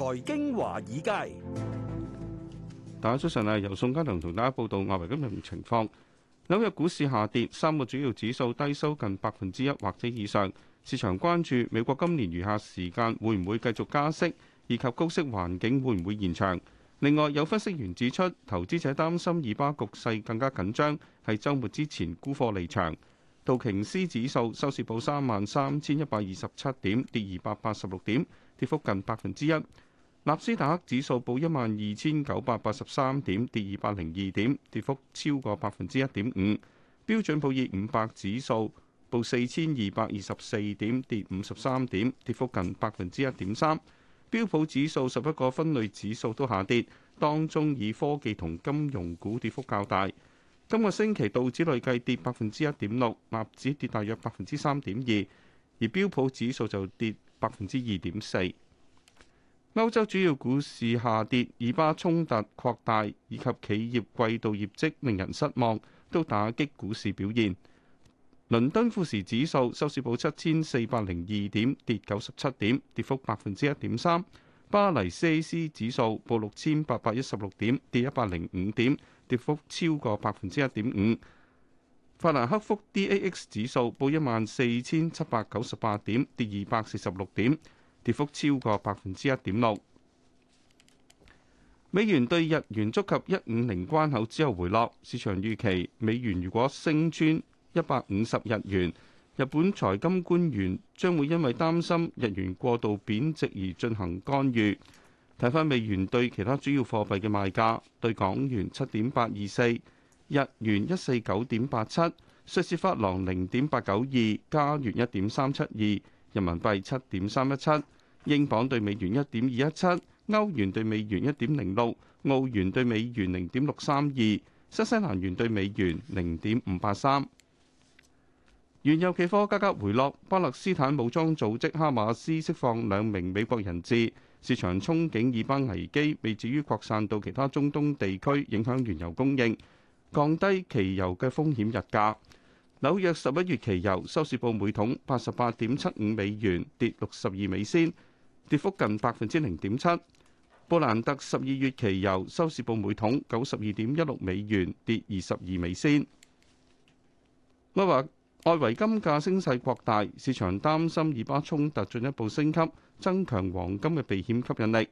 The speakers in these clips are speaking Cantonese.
財經華爾街，大家早晨啊！由宋嘉良同大家報道外圍金融情況。紐約股市下跌，三個主要指數低收近百分之一或者以上。市場關注美國今年餘下時間會唔會繼續加息，以及高息環境會唔會延長。另外，有分析員指出，投資者擔心以巴局勢更加緊張，係周末之前沽貨離場。道瓊斯指數收市報三萬三千一百二十七點，跌二百八十六點，跌幅近百分之一。納斯達克指數報一萬二千九百八十三點，跌二百零二點，跌幅超過百分之一點五。標準普爾五百指數報四千二百二十四點，跌五十三點，跌幅近百分之一點三。標普指數十一個分類指數都下跌，當中以科技同金融股跌幅較大。今個星期道指累計跌百分之一點六，納指跌大約百分之三點二，而標普指數就跌百分之二點四。歐洲主要股市下跌，以巴衝突擴大以及企業季度業績令人失望，都打擊股市表現。倫敦富時指數收市報七千四百零二點，跌九十七點，跌幅百分之一點三。巴黎 CAC 指數報六千八百一十六點，跌一百零五點，跌幅超過百分之一點五。法蘭克福 DAX 指數報一萬四千七百九十八點，跌二百四十六點。跌幅超過百分之一點六。美元對日元觸及一五零關口之後回落，市場預期美元如果升穿一百五十日元，日本財金官員將會因為擔心日元過度貶值而進行干預。睇返美元對其他主要貨幣嘅賣價：對港元七點八二四，日元一四九點八七，瑞士法郎零點八九二，加元一點三七二，人民幣七點三一七。英鎊兌美元一點二一七，歐元兌美元一點零六，澳元兌美元零點六三二，新西蘭元兌美元零點五八三。原油期貨價格回落。巴勒斯坦武裝組織哈馬斯釋放兩名美國人質，市場憧憬以巴危機未至於擴散到其他中東地區，影響原油供應，降低期油嘅風險日價。紐約十一月期油收市報每桶八十八點七五美元，跌六十二美仙。跌幅近百分之零點七。布蘭特十二月期油收市報每桶九十二點一六美元，跌二十二美仙。我話外圍金價升勢擴大，市場擔心以巴衝突進一步升級，增強黃金嘅避險吸引力。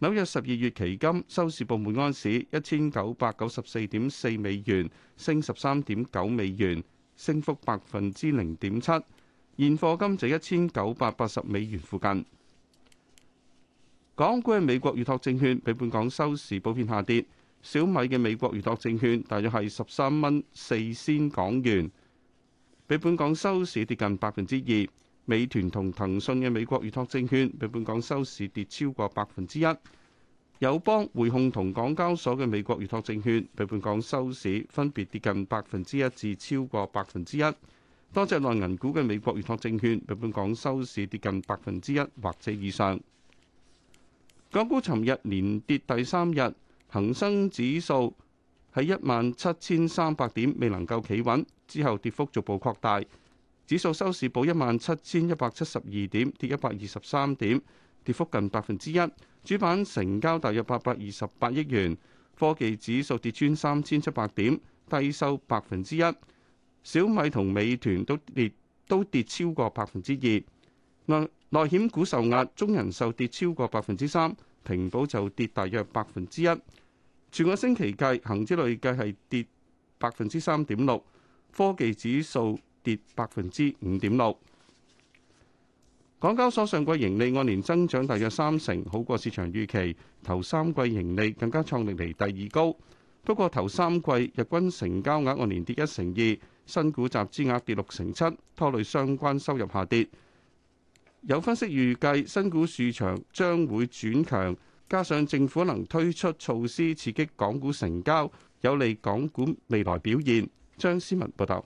紐約十二月期金收市報每安士一千九百九十四點四美元，升十三點九美元，升幅百分之零點七。現貨金就一千九百八十美元附近。港股嘅美國預託證券比本港收市普遍下跌。小米嘅美國預託證券大約係十三蚊四仙港元，比本港收市跌近百分之二。美團同騰訊嘅美國預託證券比本港收市跌超過百分之一。友邦匯控同港交所嘅美國預託證券比本港收市分別跌近百分之一至超過百分之一。多隻內銀股嘅美國預託證券比本港收市跌近百分之一或者以上。港股尋日連跌第三日，恒生指數喺一萬七千三百點，未能夠企穩，之後跌幅逐步擴大。指數收市報一萬七千一百七十二點，跌一百二十三點，跌幅近百分之一。主板成交大約八百二十八億元。科技指數跌穿三千七百點，低收百分之一。小米同美團都跌都跌超過百分之二。內內險股受壓，中人壽跌超過百分之三。平保就跌大約百分之一，全個星期計，恒指累計係跌百分之三點六，科技指數跌百分之五點六。港交所上季盈利按年增長大約三成，好過市場預期。頭三季盈利更加創歷來第二高，不過頭三季日均成交額按年跌一成二，新股集資額跌六成七，拖累相關收入下跌。有分析預計，新股市場將會轉強，加上政府能推出措施刺激港股成交，有利港股未來表現。張思文報道，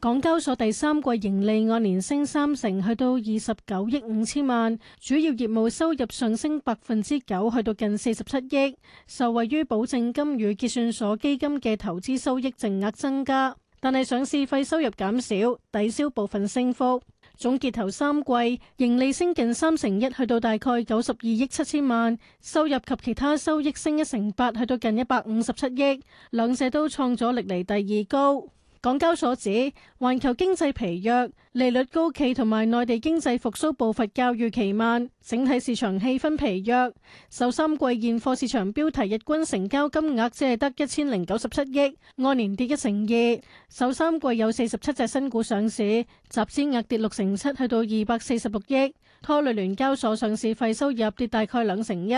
港交所第三季盈利按年升三成，去到二十九億五千萬，主要業務收入上升百分之九，去到近四十七億，受惠於保證金與結算所基金嘅投資收益淨額增加，但係上市費收入減少，抵消部分升幅。總結頭三季盈利升近三成一，去到大概九十二億七千萬；收入及其他收益升一成八，去到近一百五十七億。兩者都創咗歷嚟第二高。港交所指環球經濟疲弱，利率高企，同埋內地經濟復甦步伐較預期慢，整體市場氣氛疲弱。首三季現貨市場標題日均成交金額只係得一千零九十七億，按年跌一成二。首三季有四十七隻新股上市，集資額跌六成七，去到二百四十六億，拖累聯交所上市費收入跌大概兩成一。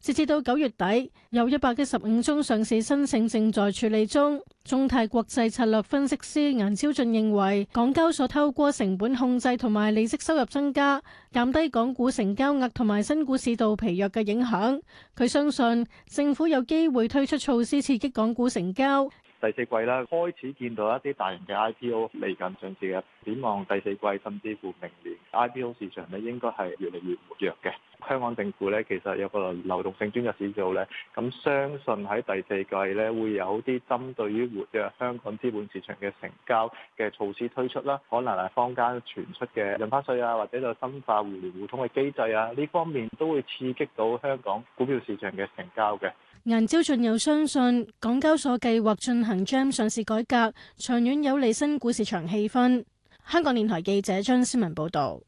截至到九月底，有一百一十五宗上市申請正在處理中。中泰國際策略分析師顏超俊認為，港交所透過成本控制同埋利息收入增加，減低港股成交額同埋新股市道疲弱嘅影響。佢相信政府有機會推出措施刺激港股成交。第四季啦，開始見到一啲大型嘅 IPO 嚟緊。上次嘅展望第四季，甚至乎明年 IPO 市場咧應該係越嚟越活躍嘅。香港政府咧其實有個流動性專責小組咧，咁相信喺第四季咧會有啲針對於活躍香港資本市場嘅成交嘅措施推出啦。可能係坊間傳出嘅印花稅啊，或者就深化互聯互通嘅機制啊，呢方面都會刺激到香港股票市場嘅成交嘅。顏朝俊又相信，港交所計劃進行 GEM 上市改革，長遠有利新股市場氣氛。香港電台記者張思文報道。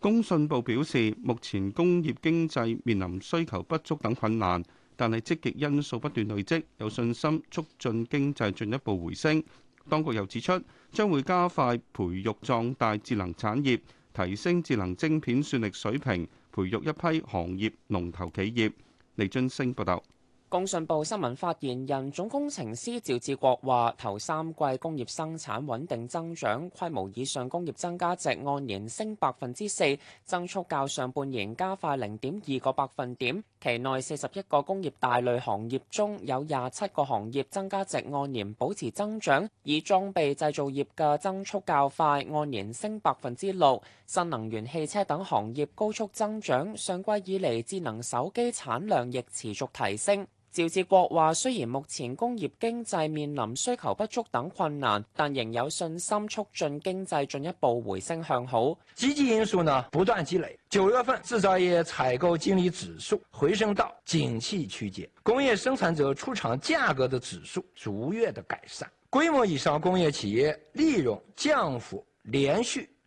工信部表示，目前工業經濟面臨需求不足等困難，但係積極因素不斷累積，有信心促進經濟進一步回升。當局又指出，將會加快培育壯大智能產業，提升智能晶片算力水平，培育一批行業龍頭企業。李俊升報道，工信部新聞發言人、總工程師趙志國話：頭三季工業生產穩定增長，規模以上工業增加值按年升百分之四，增速較上半年加快零點二個百分點。期內四十一個工業大類行業中有廿七個行業增加值按年保持增長，以裝備製造業嘅增速較快，按年升百分之六，新能源汽車等行業高速增長。上季以嚟智能手機產量亦持續提升。趙志國話：雖然目前工業經濟面臨需求不足等困難，但仍有信心促進經濟進一步回升向好。積極因素呢不斷積累。九月份製造業採購經理指數回升到景氣區間，工業生產者出廠價格的指數逐月的改善，規模以上工業企業利潤降幅連續，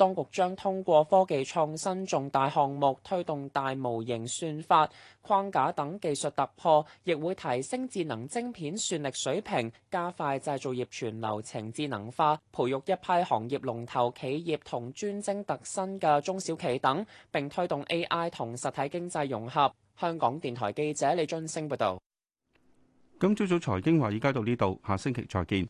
當局將通過科技創新重大項目推動大模型算法框架等技術突破，亦會提升智能晶片算力水平，加快製造業全流程智能化，培育一批行業龍頭企業同專精特新嘅中小企等，並推動 AI 同實體經濟融合。香港電台記者李俊升報道。今朝早財經華爾街到呢度，下星期再見。